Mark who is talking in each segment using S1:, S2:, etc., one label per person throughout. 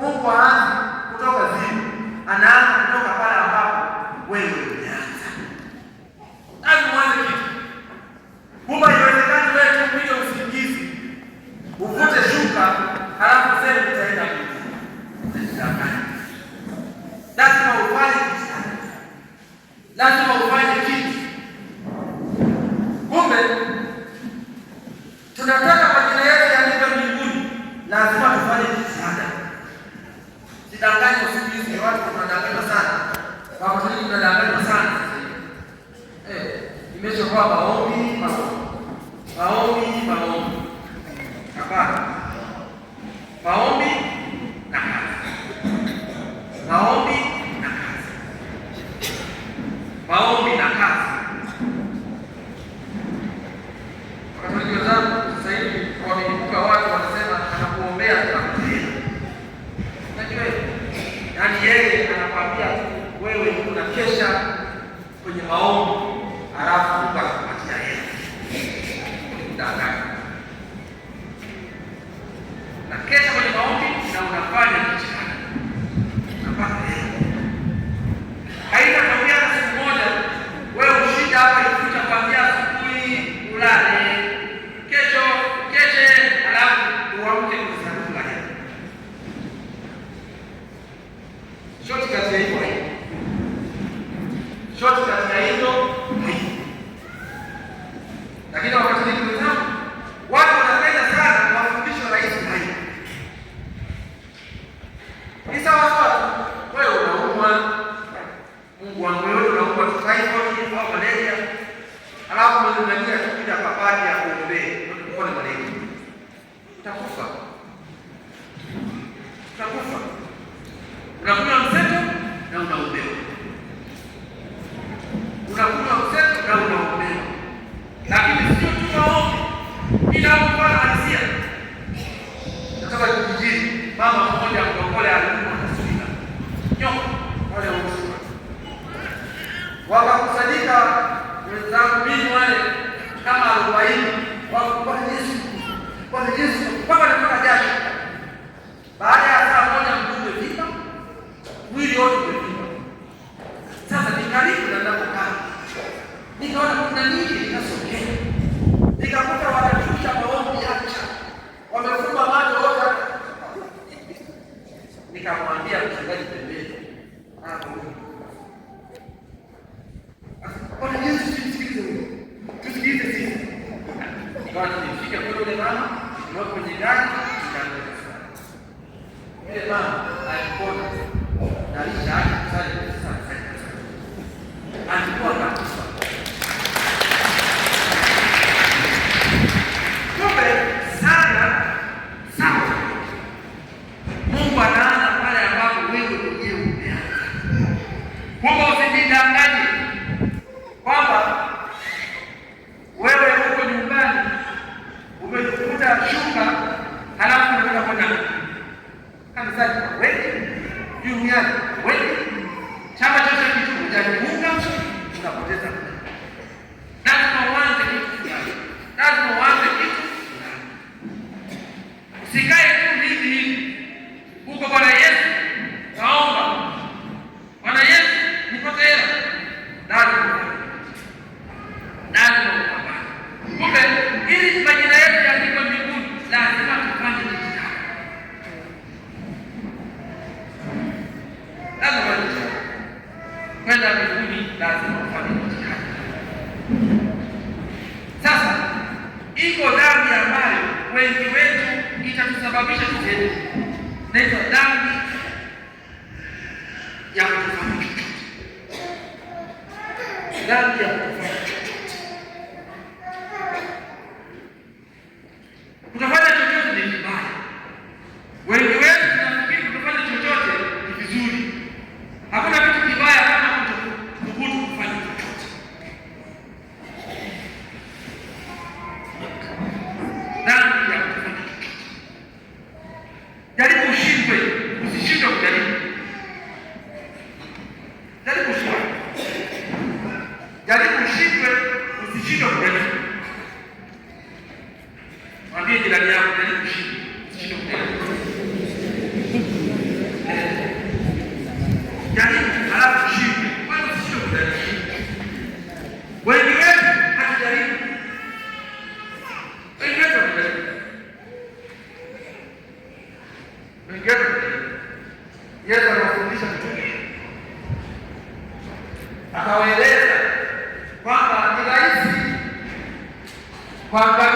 S1: Mungu aanzi kutoka zini, anaanza kutoka Dangane siku hizi watu tunadanganywa sana, wakulima tunadanganywa sana. Eh, imeshakuwa maombi maombi maombi maombi, hapana, maombi na maombi yeye anakwambia tu wewe unakesha kwenye maombi, halafu Mungu anakupatia hela. na kesha kwenye maombi na unafanya 자, 그러니까 nikaona kuna nini, nikasogea nikakuta Mas não há Ningerudi Yesu aliwafundisha mitume akawaeleza kwamba ni rahisi kwamba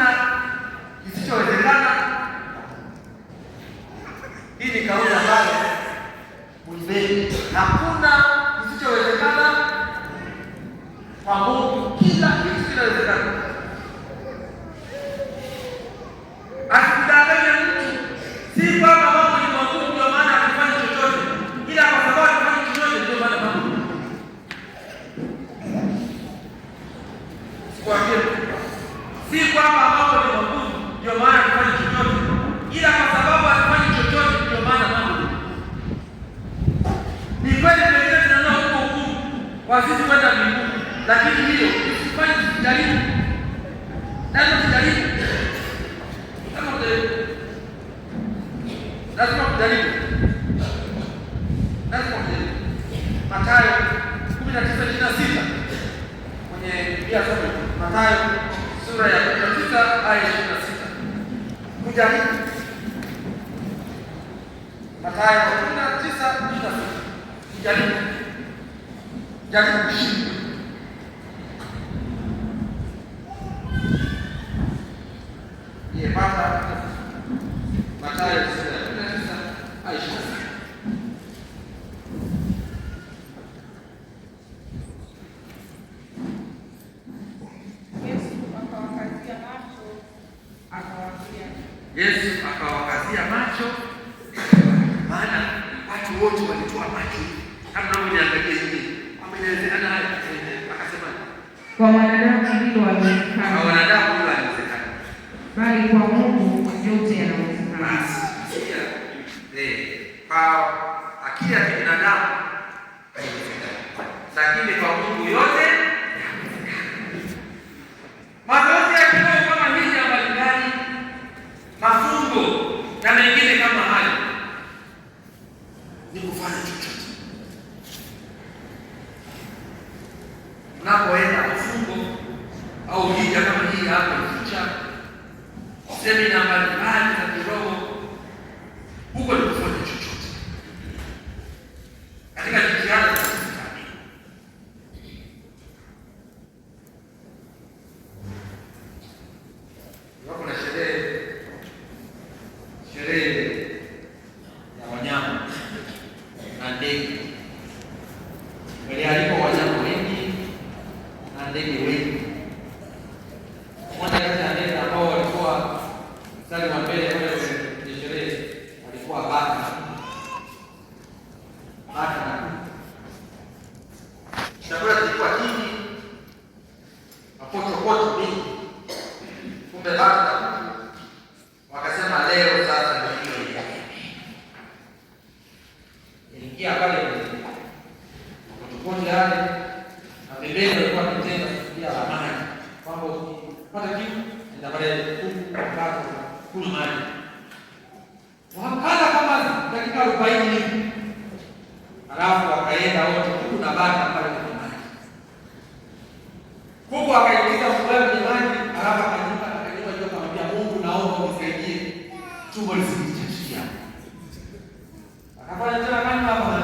S1: hakuna kisichowezekana. Hii ni kauli ambayo muibeni, hakuna kisichowezekana kwa Mungu. kwamba mambo ni magumu, ndio maana alifanya chochote, ila kwa sababu alifanya chochote, ndio maana mambo ni kweli. Pengine tunaona huko hukumu kwa sisi kwenda mbinguni, lakini hiyo tusifanye, tujaribu nazo, tujaribu kama lazima kujaribu, lazima kujaribu. Mathayo kumi na tisa ishirini na sita kwenye Biblia, Mathayo sura ya anayeshinda sita mujahidi Mathayo kumi na tisa ishirini na sita jaribu jaribu kushinda wote walitoa maji kama mnaangalia hivi, kwamba inawezekana haya akasema,
S2: kwa wanadamu hilo haliwezekani,
S1: kwa wanadamu hilo haliwezekani,
S2: bali kwa Mungu yote yanawezekana.
S1: Eh, kwa akili ya binadamu haiwezekani, lakini kwa ni kufanya chochote. Unapoenda mafungo au hija kama hii hapa semina mbalimbali za kiroho yale na pembeni la maji, kwamba ukipata kitu enda pale kunywa maji. Wakala kama dakika arobaini halafu wakaenda wote kuku na bata pale kwenye maji. Kuku akaingiza kwenye maji, halafu akanyuka akanyuka juu, akamwambia Mungu, naomba unisaidie tumbo lisinichachia. Akafanya tena kama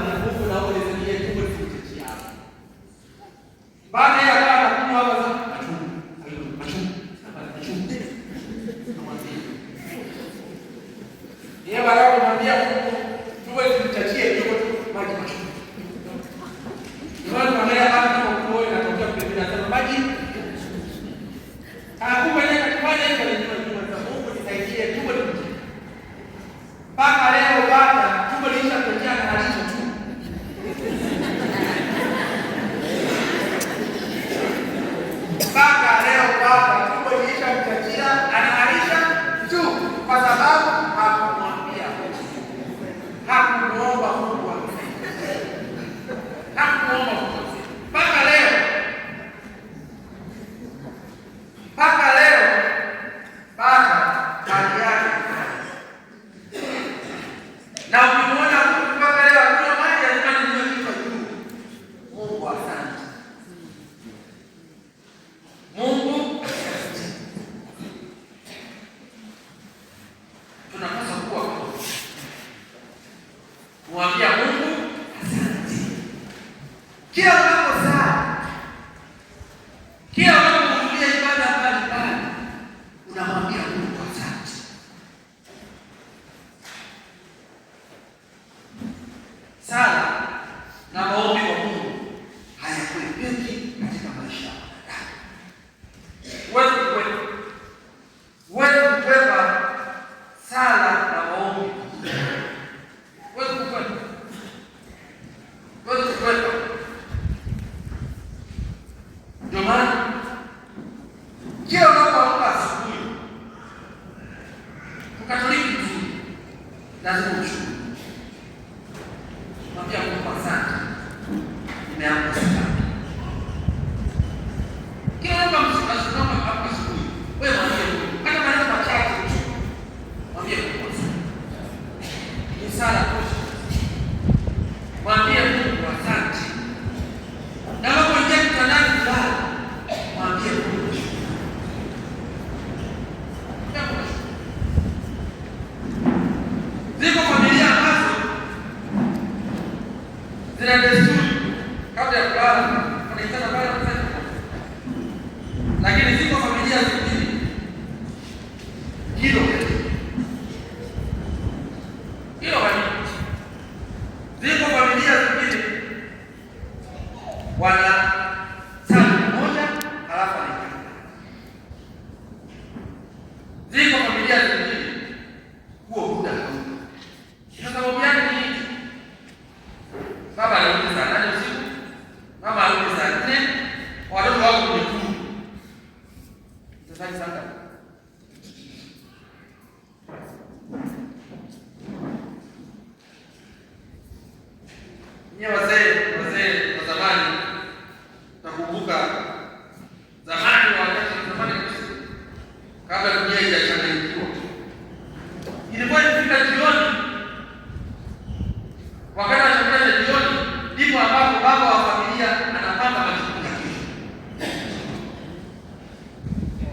S1: Hiyo halii. Ziko familia zingine wana Nyie wazee wazee wa zamani, nakumbuka zamani, wakati zamani kabla dunia haijachanganyikiwa, ilikuwa ikifika jioni, wakati wa chakula cha jioni, ndipo ambapo baba wa familia anapanga majukumu ya kesho.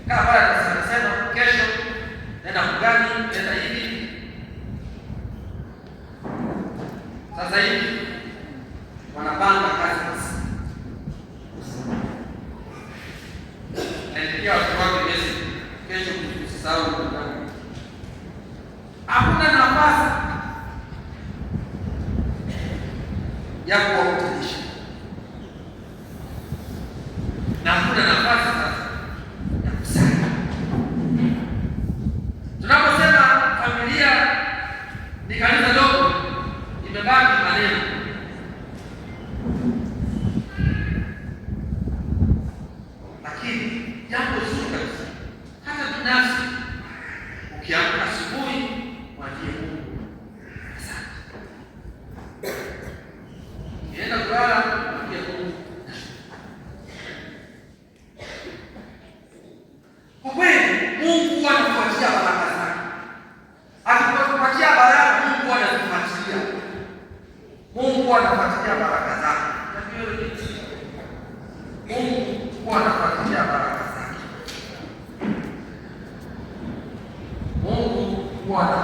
S1: Kama anasema kesho naenda kugani, naenda hivi sasa hivi wanapanga kazi naitikia watu wake mesi kesho kusahau mkutano. Hakuna nafasi ya kuwa Mungu anafuatilia baraka zake. Mungu huwa